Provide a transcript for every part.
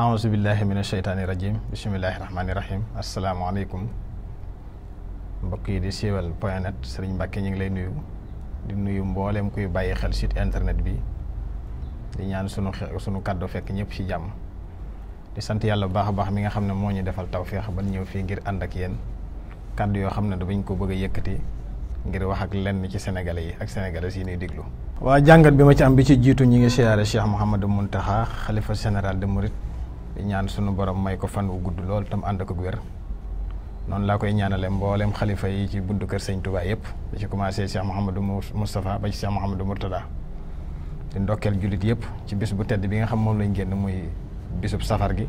A'udzu billahi min asheytaani rajim Bismillahirrahmanirrahim. assalamu rahim mbokk yi di sewal point net sëriñ Mbàkke ñu ngi lay nuyu di nuyu mboolem kuy bayyi xel site internet bi di ñaan sunu suñu kàddu fekk ñepp ci jamm. di sant Yalla bu baaxa baax mi nga xamne mo ñu defal tawfiix ba ñew fi ngir and ak yeen. kàddu yo xamne ne dañ ko bëgg yëkëti ngir wax ak lenn ci sénégalais yi ak sénégalais yi ñuy diglu. Wa jangat bi ma ci am bi ci jitu ñi ngi Cheikh Mohamed Khalifa général de Mauritanie di ñaan suñu borom may ko fan wu gudd lool tam ànd ak wér noonu laa koy ñaanale mboolem xalifa yi ci buntu kër sëñ Touba yépp da ci commencé Cheikh Mouhamadou Moustapha ba ci Cheikh Mouhamadou murtada di ndokkel julit yépp ci bis bu tedd bi nga xam moom lañu génn muy bisub safar gi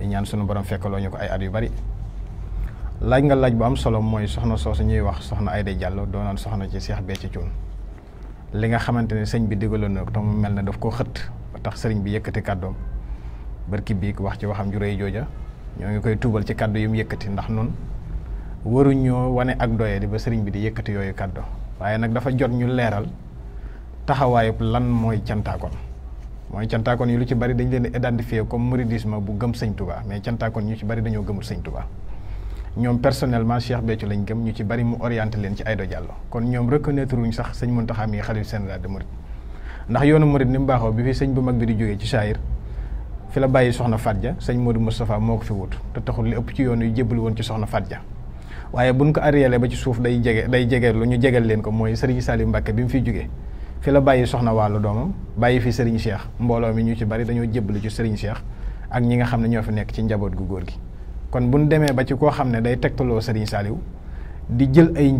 di ñaan suñu borom fekkaloo ñu ko ay at yu bari laaj nga laaj bu am solo mooy soxna soosu ñuy wax soxna Aïda Diallo doonoon soxna ci Cheikh Béthio Thioune li nga xamante ne sëñ bi digaloon na ko mu mel daf ko xët ba tax sëriñ bi yëkkati kàddoom barki ko wax ci waxam ju reey jojja ñoo ngi koy tuubal ci kàddu yum yëkëti ndax nun waru ñoo wane ak doye di ba sëriñ bi di yëkëti yoyu kàddu waye nak dafa jot ñu léral taxawaayub lan mooy cantaakoon mooy cantaakoon yu lu ci bari dañ leen identifier comme mouridisme bu gëm sëriñ tuba mais cantaakoon ñu ci bari dañu gëmul sëriñ tuba ñom personnellement cheikh beccu lañ gëm ñu ci bari mu orienter leen ci aydo diallo kon ñom reconnaître wuñ sax sëñ muntaha mi khalil général de mourid ndax yoonu mourid ni mu bi fi sëñ bu mag bi di jógee ci saayir fi la bayyi soxna Fadja seigne Modou mustapha moko fi wut te taxul li ëpp ci yoonu yu jébal woon ci soxna Fadja waye buñ ko ariyeele ba ci suuf day jégué day jégué lu ñu jégal leen ko moy Serigne salim Mbacke bi mu fi la bayyi soxna walu doomam bayyi fi Serigne Cheikh mbolo mi ñu ci bari dañoo jébbalu ci Serigne Cheikh ak ñi nga xam ñoo fi nekk ci njabot gu gor gi kon buñ démé ba ci ko xam day tegtaloo Serigne saliw di jël ay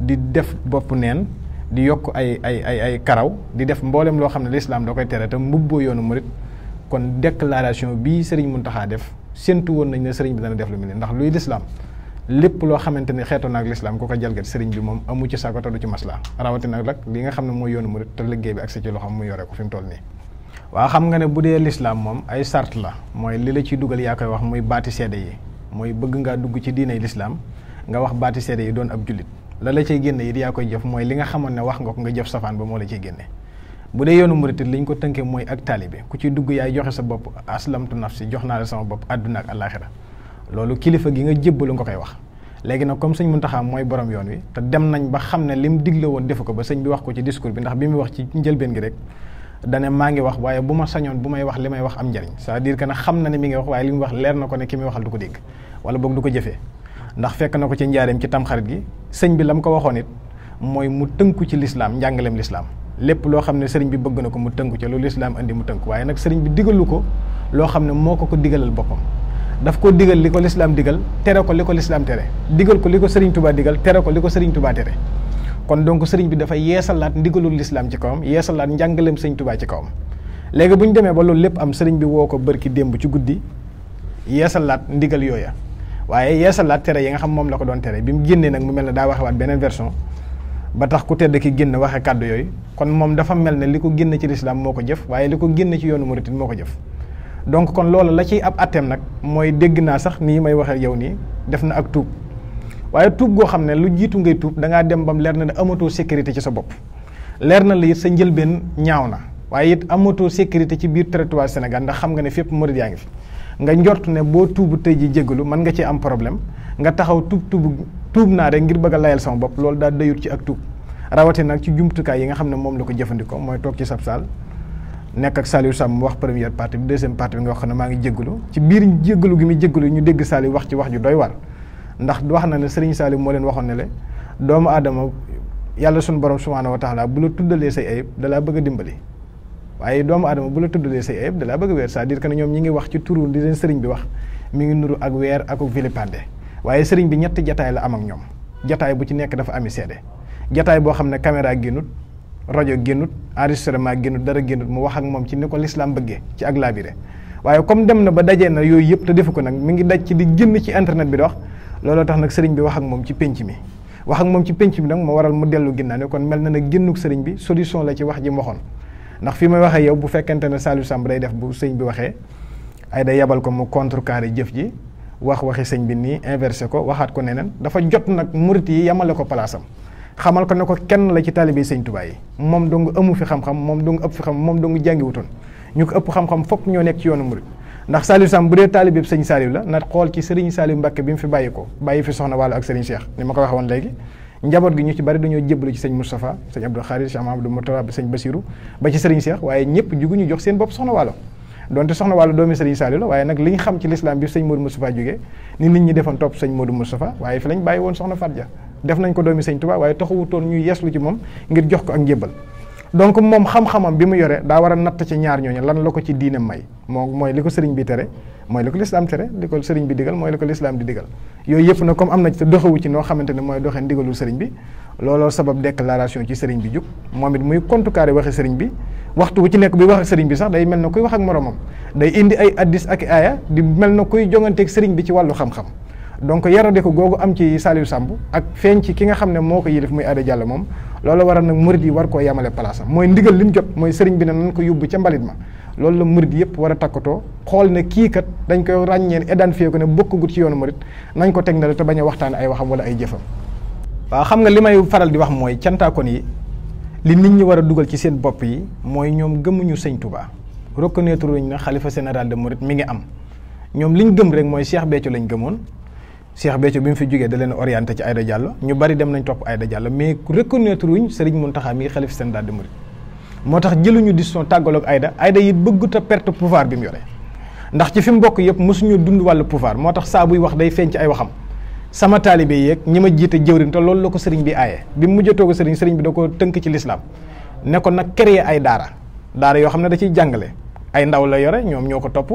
di def bop neen di yok ay ay ay karaw di def mbollem lo xam l'islam da koy téré te yoonu mourid kon déclaration bi Serigne taxaa def séntu woon nañ ne Serigne bi dana def lu mu ne ndax luy lislaam lépp loo xamante ne xeetoon ak lislaam ko ko jalgat Serigne bi moom amu ci saako te ci masla rawatina nag li nga ne mooy yoonu murid te liggéey bi ak sa ci loxoom mu yore ko fi mu toll xam nga ne bu dee lislaam moom ay sart la mooy li la ciy dugal yaa koy wax muy baati seede yi mooy bëgg ngaa dugg ci diinay lislaam nga wax baati seede yi doon ab jullit la la cay génne it yaa koy jëf mooy li nga xamoon ne wax nga ko nga jëf safaan ba moo la ciy génne bu dee yoonu murit li ñu ko tënkee mooy ak taalibe ku ci dugg yaay joxe sa bopp aslamtu nafsi jox naa la sama bopp àdduna ak àllaaxira loolu kilifa gi nga jébbalu nga koy wax léegi nag comme sëñ Muntaxa mooy borom yoon wi te dem nañ ba xam ne lim digle woon defe ko ba sëñ bi wax ko ci discours bi ndax bi mu wax ci njëlbeen gi rek dane maa ngi wax waaye bu ma sañoon bu may wax li may wax am njariñ c'est-à-dire que nag xam na ne mi ngi wax waaye li mu wax leer na ko ne ki muy waxal ko dégg wala boog du ko jëfee ndax fekk na ko ci njaareem ci tamxarit gi sëñ bi la ko waxoon it mooy mu tënku ci lislaam njàngaleem lislaam lépp loo xam ne sëriñ bi bëgg na ko mu tënku ca loolu lislaam indi mu tënk waaye nag sëriñ bi digalu ko loo xam ne moo ko ko digalal boppam daf ko digal li ko lislaam digal tere ko li ko lislaam tere digal ko li ko sëriñ tubaa digal tere ko li ko sëriñ tubaa kon donc sëriñ bi dafa yeesalaat ndigalul lislaam ci kawam yeesalaat njàngaleem sëriñ tubaa ci kawam léegi bu ñu demee ba loolu lépp am sëriñ bi woo ko bër ki démb ci guddi yeesalaat ndigal yooya waaye yeesalaat tere yi nga xam moom la ko doon tere bi mu génnee nag mu mel ne daa waxewaat beneen ba tax ku tedd ki génn waxe kàddu yooyu kon moom dafa mel ne li ko génn ci lislaam moo ko jëf waaye li ko génn ci yoonu murit moo ko jëf donc kon loolu la ciy ab atteem nag mooy dégg naa sax nii may waxee yow nii def na ak tuub waaye tuub goo xam ne lu jiitu ngay tuub da ngaa dem bam leer na ne amatoo sécurité ci sa bopp leer na la it sa njëlbeen ñaaw na waaye it amatoo sécurité ci biir territoire Sénégal ndax xam nga ne fépp murit yaa ngi fi nga njort ne boo tuubu tey ji jéggalu mën nga ci am problème nga taxaw tuub tuub tuub naa rek ngir bëgg a layal sama bopp loolu daal dayut ci ak tuub rawate nag ci jumtukaay yi nga xam ne moom la ko jëfandikoo mooy toog ci sab saal nekk ak Saliou Sam wax première partie bi deuxième partie bi nga wax ne maa ngi jéggalu ci biir jéggalu gi mi jéggalu ñu dégg Saliou wax ci wax ju doy war ndax wax na ne Serigne Saliou moo leen waxoon ne le doomu aadama yàlla sun borom subhanahu wa taala bu la tuddalee say ayib bëgg dimbali waaye doomu aadama bu la tuddalee say ayib dalaa bëgg a weer c'est-à-dire que ne ñi ngi wax ci turu di leen Serigne bi wax mi ngi nuru ak weer ak vilipande waaye sëriñ bi ñetti jataay la am ak ñoom jataay bu ci nekk dafa ami seede jataay boo xam ne caméra génnut rajo génnut enregistrement génnut dara génnut mu wax ak moom ci ni ko lislaam bëggee ci ak laabire waaye comme dem na ba dajee na yooyu yëpp te defu ko nag mi ngi daj ci di génn ci internet bi di wax looloo tax nag sëriñ bi wax ak moom ci pénc mi wax ak moom ci pénc mi nag moo waral mu dellu ginnaaw ne kon mel na na génnuk sëriñ bi solution la ci wax ji waxoon ndax fi may waxee yow bu fekkente ne Saliou Samb day def bu sëriñ bi waxee ay day yabal ko mu contrecarrer jëf ji wax waxe señ bi ni inversé ko waxat ko nenen dafa jot nak murit yi yamale ko palaasam xamal ko nako kenn la ci taalibe señ touba yi do dong amu fi xam-xam do dong upp fi xam moom dong jàngiwutoon ñu ko upp xam-xam fokk ñoo nek ci yoonu murit ndax Saliou Sam bude dee señ sëñ la na xol ci señ Saliou mbacke bimu fi bayiko bayi fi soxna wàllu ak señ Cheikh ni mako wax won legi njabot gi ñu ci bari dañoo jébbalu ci señ mustafa señ Abdou Khadir cheikh Amadou mortaba señ Basirou ba ci señ Cheikh waye ñepp jugu ñu jox seen bop soxna wàllo donte soxna wàllu doomi sëriñ Saliou la waaye nag li ñu xam ci lislaam bi sëñ Modou Moustapha jógee ni nit ñi defoon topp sëñ Modou Moustapha waaye fi lañ bàyyi woon soxna Fatou Dia def nañ ko doomi sëñ Touba waaye taxawutoon ñuy yeeslu ci moom ngir jox ko ak njébbal donc moom xam-xamam bi mu yore daa war a natt ci ñaar ñooñu lan la ko ci diine may moo mooy li ko sëriñ bi tere mooy li ko lislaam tere li ko sëriñ bi digal mooy li ko lislaam di digal yooyu yëpp nag comme am na ci te doxewu ci noo xamante ne mooy doxee ndigalul sëriñ bi looloo sabab déclaration ci sëriñ bi jug moom it muy contrecarrer waxe sëriñ bi waxtu wu ci nekk buy wax ak bi sax day mel na kuy wax ak moromam day indi ay addis ak aaya di mel na kuy jonganteeg sëriñ bi ci wàllu xam-xam donc yarade ko googu am ci Saliou Samb ak feeñ ci ki nga xam ne moo ko yilif muy Aada Diallo moom loolu waral nag murid yi war koo yamale place mooy ndigal li mu jot mooy sëriñ bi ne nan ko yóbbu ca mbalit ma loolu la mourid yëpp war a takkatoo ne kii kat dañ koy ràññeen identifié ko ne bokkagut ci yoonu mourid nañ ko teg na la te bañ a waxtaane ay waxam wala ay jëfam waaw xam nga li may faral di wax mooy cantaakon yi li nit ñi war a dugal ci seen bopp yi mooy ñoom gëmuñu sëñ Touba reconnaître nañ ne xalifa général de mourid mi ngi am ñoom liñ gëm rek mooy Cheikh Béthio lañ gëmoon Cheikh Béthio bi mu fi jógee da leen orienté ci ayda Diallo ñu bari dem nañ topp ayda Diallo mais reconnaître wuñ Serigne Mountakha mi de mourid moo tax jëluñu décision tàggaloog Aïda Aïda it bëggut a perte pouvoir bi mu yore ndax ci fi mu bokk yëpp mosuñu dund wàllu pouvoir moo tax saa wax day feeñ ci ay waxam sama taalibe yeeg ñi ma jiite jëwrin te loolu la ko sëriñ bi aaye bi mu mujjatoo ko sëriñ sëriñ bi da ko tënk ci lislaam ne ko nag créer ay daara daara yoo xam ne da ciy jàngale ay ndaw la yore ñoom ñoo ko topp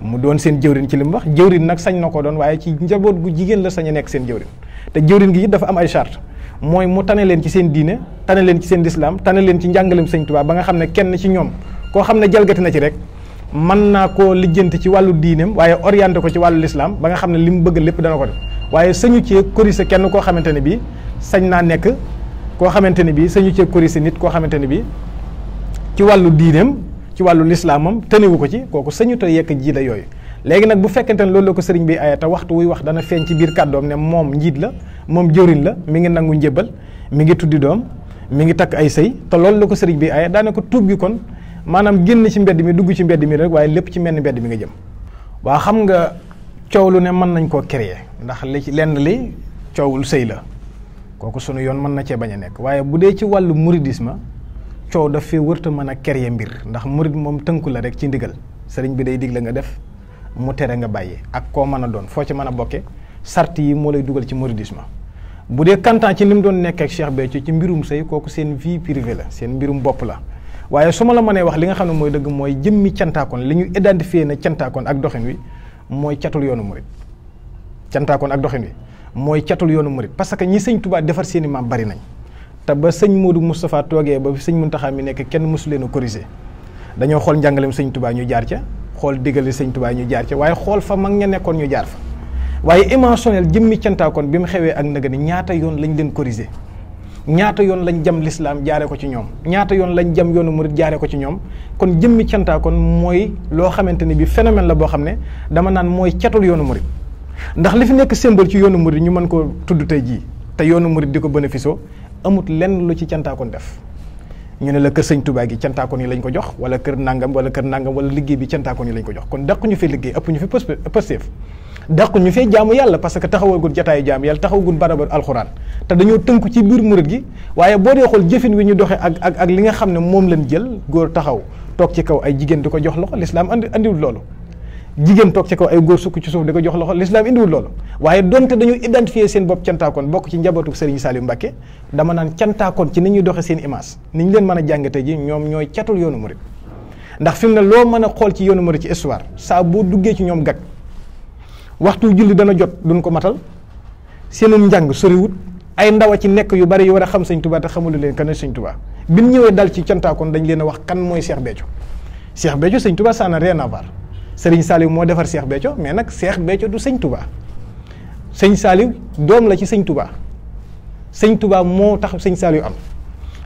mu doon seen jëwrin ci li mu wax jëwrin nag sañ na ko doon waaye ci njaboot gu jigéen la sañ nekk seen jëwrin te jëwrin gi it dafa am ay charte mooy mu tane leen ci seen diine tane leen ci seen lislaam tane leen ci njàngaleem sëñ Tuubaa ba nga xam ne kenn ci ñoom koo xam ne jalgati na ci rek mën naa koo lijjanti ci wàllu diineem waaye orienté ko ci wàllu lislaam ba nga xam ne li mu bëgg lépp dana ko def waaye sañu cee corriger kenn koo xamante ne bii sañ naa nekk koo xamante ne bii sañu cee corriger nit koo xamante ne bii ci wàllu diineem ci wàllu lislaamam tënewu ko ci kooku sañu te yekk jiida yooyu léegi nag bu fekkente ne loolu la ko sëriñ bi aye te wax dana feeñ ci biir kàddoom ne moom njiit la moom jëwriñ la mi ngi nangu njëbal mi ngi tuddi doom mi ngi takk ay sëy te loolu la ko bi ay daane ko tuub kon maanaam génn ci mbedd mi dugg ci mbedd mi rek waaye lépp ci mel ni mbedd mi nga jëm waa xam nga coow lu ne man nañ koo créer ndax li ci lenn li coowul sëy la kooku sunu yoon mën na cee bañ a nekk waaye ci mouridisme wërta créer mbir ndax murid moom tënku la rek ci ndigal bi day digle nga def mu tere nga bàyyi ak doon ci sart yi moo lay dugal ci mouridisme bu dee kantaan ci ni mu doon nekk ak Cheikh Béthio ci mbirum sëy kooku seen vie privée la seen mbirum bopp la waaye su ma la mënee wax li nga xam ne mooy dëgg mooy jëmmi cantaakoon li ñu identifié na cantaakoon ak doxin wi mooy catul yoonu murit cantaakoon ak doxin wi mooy catul yoonu murit parce que ñi sëñ Tuubaa defar seen i maam bari nañ te ba sëñ Modou Moustapha toogee ba sëñ Mountakha mi nekk kenn mësu leen a corrigé dañoo xool njàngaleem sëñ Tuubaa ñu jaar ca xool diggali sëñ ñu jaar ca waaye xool fa mag ña nekkoon ñu jaar fa waaye émotionnel jëmmi cantaakoon bi mu xewee ak naga ni ñaata yoon lañu leen corriger ñaata yoon lañ jam lislaam jaare ko ci ñoom ñaata yoon lañ jam yoonu murid jaare ko ci ñoom kon jëmmi cantaakoon mooy loo xamante ni bi phénomène la boo xam ne dama naan mooy catul yoonu murid ndax li fi nekk symbole ci yoonu murid ñu mën ko tudd tey jii te yoonu murid di ko bénéfice amut lenn lu ci cantaakoon def ñu ne la kër sëñ Touba gi cantaakoon yi lañ ko jox wala kër nangam wala kër nangam wala liggéey bi cantaakoon yi lañ ko jox kon daq ñu fi liggéey ëpp ñu fi pësteef dàqu ñu fee jaamu yàlla parce que taxawagul jataayu jaamu yàlla taxawagul barabar alxuraan te dañoo tënku ci biir murit gi waaye boo dee xool jëfin wi ñu doxee ak ak ak li nga xam ne moom leen jël góor taxaw toog ci kaw ay jigéen di ko jox loxo lislaam andi andiwul loolu jigéen toog ci kaw ay góor sukk ci suuf di ko jox loxo lislaam indiwul loolu waaye donte dañu identifier seen bopp cantaakoon bokk ci njabootu Serigne Saliou Mbacké dama naan cantaakoon ci ni ñuy doxee seen image ni ñu leen mën a jàngate ji ñoom ñooy catul yoonu murit ndax fi mu ne loo mën a xool ci yoonu murit ci histoire saa boo duggee ci ñoom gag waxtu julli dana jot duñ ko matal seenum njàng soriwut ay ndaw ci nekk yu bari yu war a xam sëñ Tuubaa te xamulu leen kan sëñ Tuubaa bi ñu ñëwee dal ci cantaakoon dañ leen a wax kan mooy Cheikh Béthio Cheikh Béthio sëñ Tuubaa ça n'a rien à voir Serigne moo defar Cheikh Béthio mais nag Cheikh Béthio du sëñ Tuubaa sëñ Saliou doom la ci sëñ tubaa sëñ Tuubaa moo tax sëñ Saliou am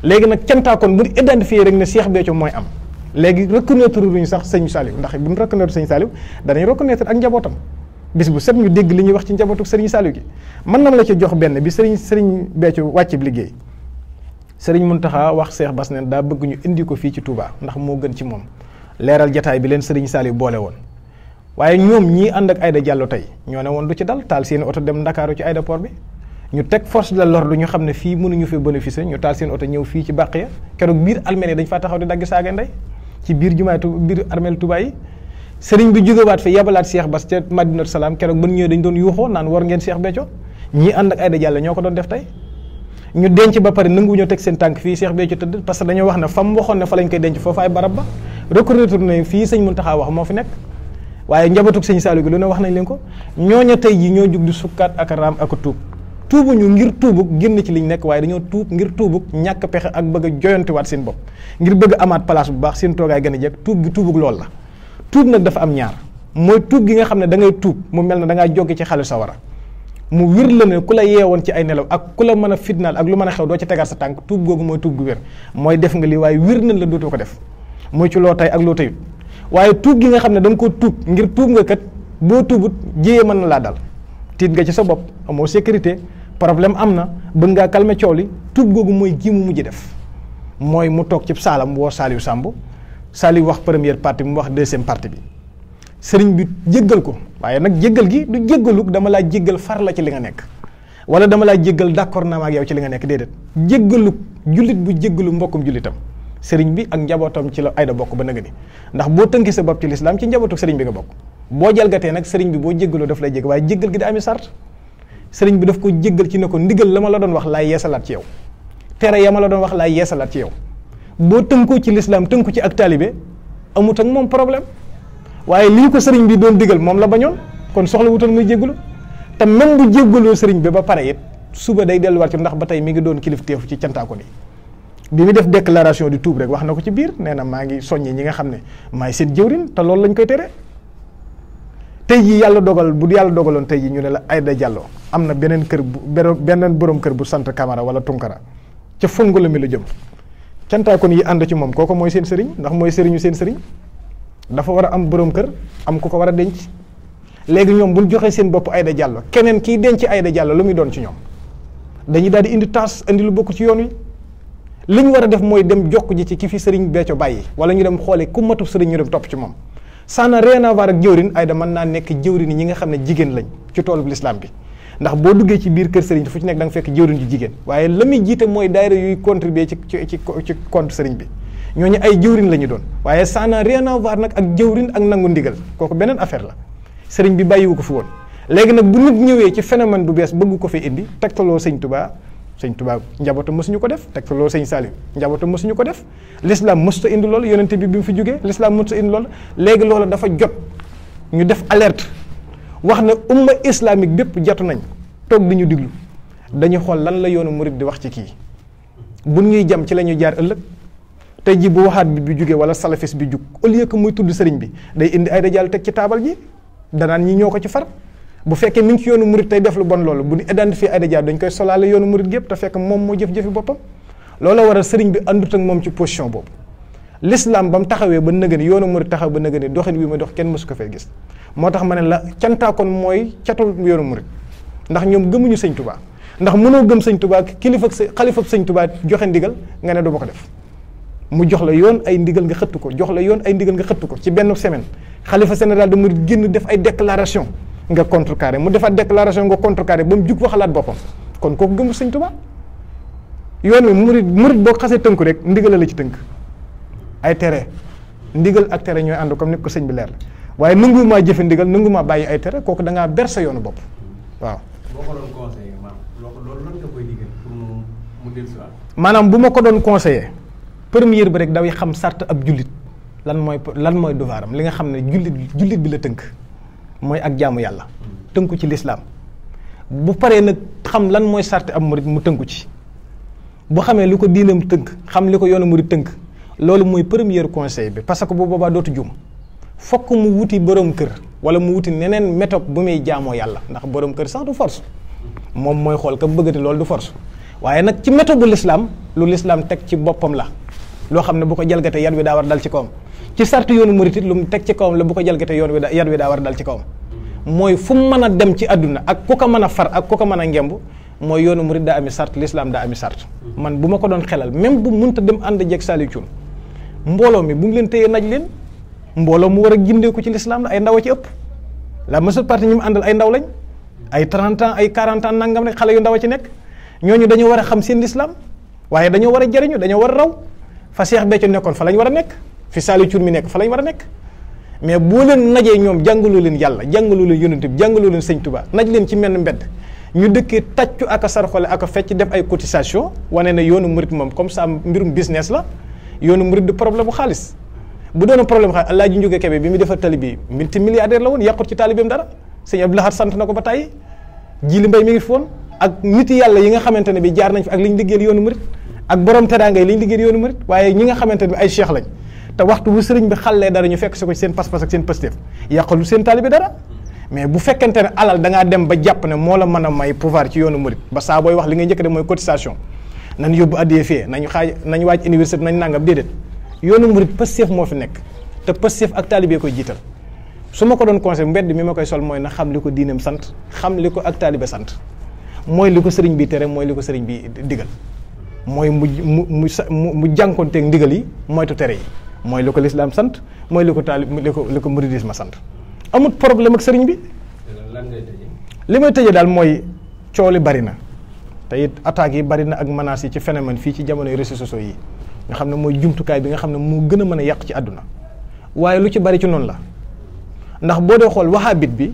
léegi nag cantaakoon bu ñu identifié rek ne Cheikh Béthio mooy am léegi reconnaître ñu sax sëñ Saliou ndax bu ñu reconnaître sëñ Saliou danañ reconnaître ak njabootam bis bu set ñu dégg li ñuy wax ci njabootu Serigne Saliou gi mën na la ci jox benn bi Serigne Serigne Béthio wàcc bi liggéey Serigne Mountakha wax Cheikh Bass ne daa bëgg ñu indi ko fii ci Touba ndax moo gën ci moom leeral jataay bi leen Serigne Saliou boole woon. waaye ñoom ñii ànd ak Aïda Diallo tey ñoo ne woon du ci dal taal seen oto dem Ndakaaru ci aéroport bi ñu teg force de l'ordre ñu xam ne fii mënuñu fi bénéficier ñu taal seen oto ñëw fii ci bàq y biir armeel yi dañ faa taxaw di dagg saaga ndey ci biir jumaay biir armeel Touba sering bi jógewaat fi yabalat Cheikh Bass ca Madinatu Salaam keroog bën ñëwee dañ doon yuuxoo naan war ngeen Cheikh Béthio ñi and ak Aïda Diallo ñoo ko doon def tay ñu denc ba pare ñu tek sen tank fi Cheikh Béthio teud parce que dañoo wax na fam waxon na fa lañ koy denc fofu ay barab ba recrutourné fi sëñ muntaha wax mo fi nek waye njabatuk sëñ Saliou gi lu ne wax nañ leen ko ñooña tay ji ñoo jug du sukkat ak ram ak tuub ñu ngir tuubug genn ci liñ nek waye dañoo tuub ngir tuubug ñak pexe ak bëgg a wat seen bop ngir bëgg amaat place bu baax seen togaay gëna jek tuub gi lool la tuub nag dafa am ñaar mooy tuub gi nga xam ne da ngay tuub mu mel ne da ngaa jóge ci xale sawara mu wér la ne ku la yeewoon ci ay nelaw ak ku la mën a fitnaal ak lu mën a xew doo ci tegaat sa tànk tuub googu mooy tuub mooy def nga li waaye wér nañ la dootoo ko def muy ci loo tay ak loo tayut waaye tuub gi nga xam ne da ko tuub ngir tuub nga kat boo tuubut jiyee mën na laa dal tiit nga ci sa bopp amoo sécurité problème am na bëgg ngaa calmer coow li tuub googu mooy gi mu mujj def mooy mu toog ci saalam woo Saliou Samb Saliou wax première partie bi mu wax deuxième partie bi sëriñ bi jéggal ko waaye nag jéggal gi du jéggaluk dama laa jéggal far la ci li nga nekk wala dama laa jéggal d'accord naa ma ak yow ci li nga nekk déedéet jéggaluk jullit bu jéggalu mbokkum jullitam sëriñ bi ak njabootam ci la ayda bokk ba nëga ni ndax boo tënkee sa bopp ci lislaam ci njabootu sëriñ bi nga bokk boo jalgatee nag sëriñ bi boo jéggaloo daf lay jégg waaye jéggal gi da ami sart sëriñ bi daf ko jéggal ci ne ko ndigal la ma la doon wax laay yeesalaat ci yow tere ya ma la doon wax laay ci yow boo tënkoo ci lislaam tënku ci ak taalibe amut ak moom problème waaye lii ko sëriñ bi doon digal moom la bañoon kon soxla wutoon muy jéggalu te même bu jéggaloo sëriñ bi ba pare it suba day delluwaat ci ndax ba tey mi ngi doon kilifteefu ci cantaako ni bi mu def déclaration di tuub rek wax na ko ci biir nee na maa ngi soññi ñi nga xam ne maay seen jëwrin te loolu lañ koy tere tey jii yàlla dogal bu yàlla dogaloon tey jii ñu ne la Aida Diallo am na beneen kër bu beneen borom kër bu sant Camara wala Tunkara ca Fongola mi la jëm cantaakoon yi ànd ci moom kooku mooy seen sëriñ ndax mooy sëriñu seen sëriñ dafa war a am boroom kër am ku ko war a denc léegi ñoom bul joxe seen bopp Aïda Diallo keneen kiy denc Aïda Diallo lu muy doon ci ñoom dañuy daal di indi tas indi lu bokk ci yoon wi li ñu war a def mooy dem jokk ci ki fi sëriñ Béthio bàyyi wala ñu dem xoole ku matu sëriñ ñu dem topp ci moom ça n'a rien à voir ak jëwrin Aïda mën naa nekk jëwrin ñi nga xam ne jigéen lañ ci toolu lislaam bi ndax boo duggee ci biir kër sëriñ bi fu ci nekk da nga fekk jëwriñ ji jigéen waaye la muy jiite mooy daayira yuy contribuer ci ci ci compte sëriñ bi ñoo ñu ay jëwriñ la ñu doon waaye ça n'a rien nag ak jëwriñ ak nangu ndigal kooku beneen affaire la sëriñ bi bàyyiwu ko fi woon léegi nag bu nit ñëwee ci phénomène bu bees bëgg ko fee indi tegtaloo sëñ tubaa sëñ tubaa njabootam mësuñu ko def tegtaloo sëñ saaliw njabootam mësuñu ko def l'islam mësuta indi loolu yonente bi bi mu fi jógee l'islam mësuta indi loolu léegi loolu dafa jot ñu def alerte wax ne umma islamique bépp jatu nañ toog di ñu diglu dañu xool lan la yoonu murid di wax ci kii bu nuy jam ci la ñuy jaar ëllëg te ji bu waxaat bi bi jugee wala salafis bi jug au lieu que muy tudd sëriñ bi day indi ay dajal teg ci taabal ji danaan ñi ñoo ko ci far bu fekkee mi ngi ci yoonu murid tey def lu bon loolu bu ñu identifié ay dajal dañ koy solaale yoonu murid gépp te fekk moom moo jëf-jëfi boppam looloo a sëriñ bi àndut ak moom ci position boobu l'islam ba mu taxawee ba nëgëni yoonu murid taxaw ba nëgëni doxin wi ma dox kenn mësu ko fee gis moo tax ma ne la cantaakoon mooy catul yoonu murid ndax ñoom gëmuñu sëñ ndax mënoo gëm sëñ tubaa kilifa xalifa sëñ tubaa joxe ndigal nga ne du def mu jox la yoon ay ndigal nga xëttu ko jox la yoon ay ndigal nga xëttu ko ci benn semaine xalifa général de murid génn def ay déclaration nga contrecarré mu defaat déclaration nga contrecarré ba mu jug waxalaat boppam kon kooku gëmul sëñ tubaa yoon wi murid boo xasee tënk rek ndigala la ci tënk ay tere ndigal ak tere ñooy ànd comme ni ko sëñ bi leer la waaye nangu maa jëfe ndigal nangu maa bàyyi ay tere kooku da ngaa ber sa yoonu bopp waaw. maanaam mu mu maanaam bu ma ko doon conseillé première bi rek dawi xam sart ab jullit lan mooy lan mooy duvaaram li nga xam ne jullit jullit bi la tënk mooy ak jaamu yàlla hmm. tënku ci lislaam bu paree nag xam lan mooy sart ab murit mu tënku ci bu xamee li ko diinam tënk xam li ko yoonu murit tënk. loolu mooy premier conseil bi parce que bu boobaa dootu jum fokk mu wuti borom kër wala mu wuti neneen méthode bu muy jaamoo yàlla ndax borom kër sax du force moom mooy xool ka bëggati loolu du force waaye nag ci méthode bu lislaam lu lislaam teg ci boppam la loo xam ne bu ko jalgate yan wi daa war dal ci kawam ci sart yoonu murit it lu mu teg ci kawam la bu ko jalgate yoon wi yan wi daa war dal ci kawam mooy fu mu mën a dem ci àdduna ak ko ko mën a far ak ku ko mën a ngemb mooy yoonu murit daa ami sart lislaam daa ami sart man bu ma ko doon xelal même bu munta dem ànd jeeg Saliou Thioune mbooloo mi bu mu leen téyee naj leen mbooloo mu war a gindeeku ci lislaam la ay ndaw a ci ëpp la majeure partie ñi mu àndal ay ndaw lañ ay 30 ans ay 40 ans nangam ne xale yu ndaw a ci nekk ñooñu dañoo war a xam seen lislaam waaye dañoo war a jariñu dañoo war a raw fa Seex Béthio nekkoon fa lañ war a nekk fi Saliou Thioune mi nekk fa lañ war a nekk mais boo leen najee ñoom jàngaloo leen yàlla jàngaloo leen yonent bi jàngaloo leen sëñ Tuubaa naj leen ci menn mbedd ñu dëkkee tàccu ak a ak a def ay cotisation wane ne yoonu murit moom comme ça mbirum business la yoonu murid problème bu xaalis bu doon problème xaalis Alaaji Njuuga Kebe bi mu defar tali bi multi milliardaire la woon yàqut ci taalibeem dara sëñ Abdou Lahad sant na ko ba tàyyi ji li mbay yi nga xamante ne bi jaar nañ fi ak liñ liggéeyal yoonu murid ak borom teraanga waaye ñi nga xamante ne bi ay cheikh lañ te waxtu bu sëriñ bi xàllee dara ñu fekk si ko ci seen pas-pas ak seen pësteef yàqalu seen taalibe dara mais bu fekkente alal da dem ba jàpp ne moo la mën a may pouvoir ci yoonu murid ba saa wax li ngay njëkk de mooy cotisation nañ yóbbu addee fee nañ xaaj nañ waaj université nañ nangam déedéet yoonu pas chef moo fi nekk te chef ak talibé koy jiital su ma ko doon conseil mbedd mi ma koy sol mooy na xam li ko diinam sant xam li ko ak talibé sant mooy li ko sëriñ bi tere mooy li ko sëriñ bi digal mooy mu mu mu mu jànkonteeg ndigal yi moytu tere yi mooy li ko lislaam sant mooy li ko taalib li ko li ko muridisme sant amut problème ak sëriñ bi li may tëjee daal mooy coow li bari na te it attaques yi bari na ak menaces yi ci phénomène fii ci jamonoy réseaux sociaux yi nga xam ne mooy jumtukaay bi nga xam ne moo gën a mën a yàq ci àdduna waaye lu ci bari ci noonu la ndax boo dee xool waxaabit bi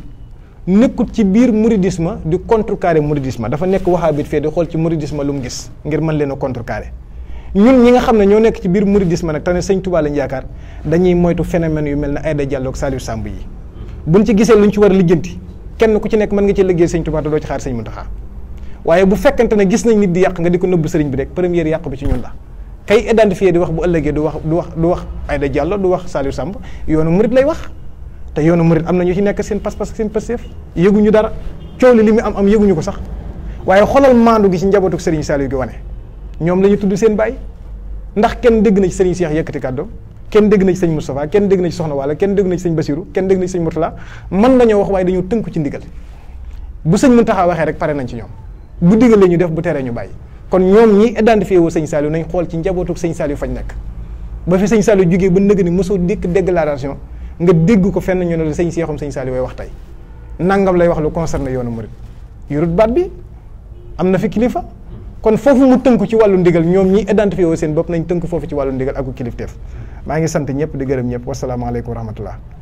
nekkut ci biir mouridisme di contrecarrer mouridisme dafa nekk waxaabit fee di xool ci mouridisme lu mu gis ngir mën leen a contrecarrer ñun ñi nga xam ne ñoo nekk ci biir mouridisme nag te ne sëñ Touba lañ yaakaar dañuy moytu fenomen yu mel ne Aïda Diallo ak Saliou Samb yi buñ ci gisee luñ ci war ku ci nekk mën nga ci liggéey sëñ Touba te doo ci xaar sëñ Mountakha waaye bu fekkante ne gis nañ nit di yàq nga di ko nëbb sëriñ bi rek première yàq bi ci ñun la kay identifié di wax bu ëllëgee du wax du wax du wax Aïda Diallo du wax Saliou Samb yoonu murit lay wax te yoonu murit am na ñu ci nekk seen pas-pas seen pastéef yëguñu dara coow li li mu am am ko sax waaye xolal maandu gi ci njabootu sëriñ Saliou gi wane ñoom la ñu tudd seen bàyyi ndax kenn dégg na ci sëriñ Cheikh yëkkati kàddoom kenn dégg na ci sëñ Moustapha kenn dégg na ci Soxna Wala kenn dégg na ci sëñ Basirou kenn dégg na ci sëñ Mourtala mën nañoo wax waaye dañoo tënku ci ndigal bu sëñ waxee rek pare nañ ci ñoom bu digalee ñu def bu teree ñu bàyyi kon ñoom ñi identifié wu sëñ Saliou nañ xool ci njabootu sëñ Saliou fañ nekk ba fi sëñ Saliou jógee ba nëg ni mosoo dikk déclaration nga dégg ko fenn ñu ne la sëñ Seexum sëñ Saliou way wax tey nangam lay wax lu concerné yoonu murit yurut baat bi am na fi kilifa kon foofu mu tënk ci wàllu ndigal ñoom ñi identifié wu seen bopp nañ tënk foofu ci wàllu ndigal ak kilifteef maa ngi sant ñëpp di gërëm ñëpp wasalaamaaleykum wa rahmatullah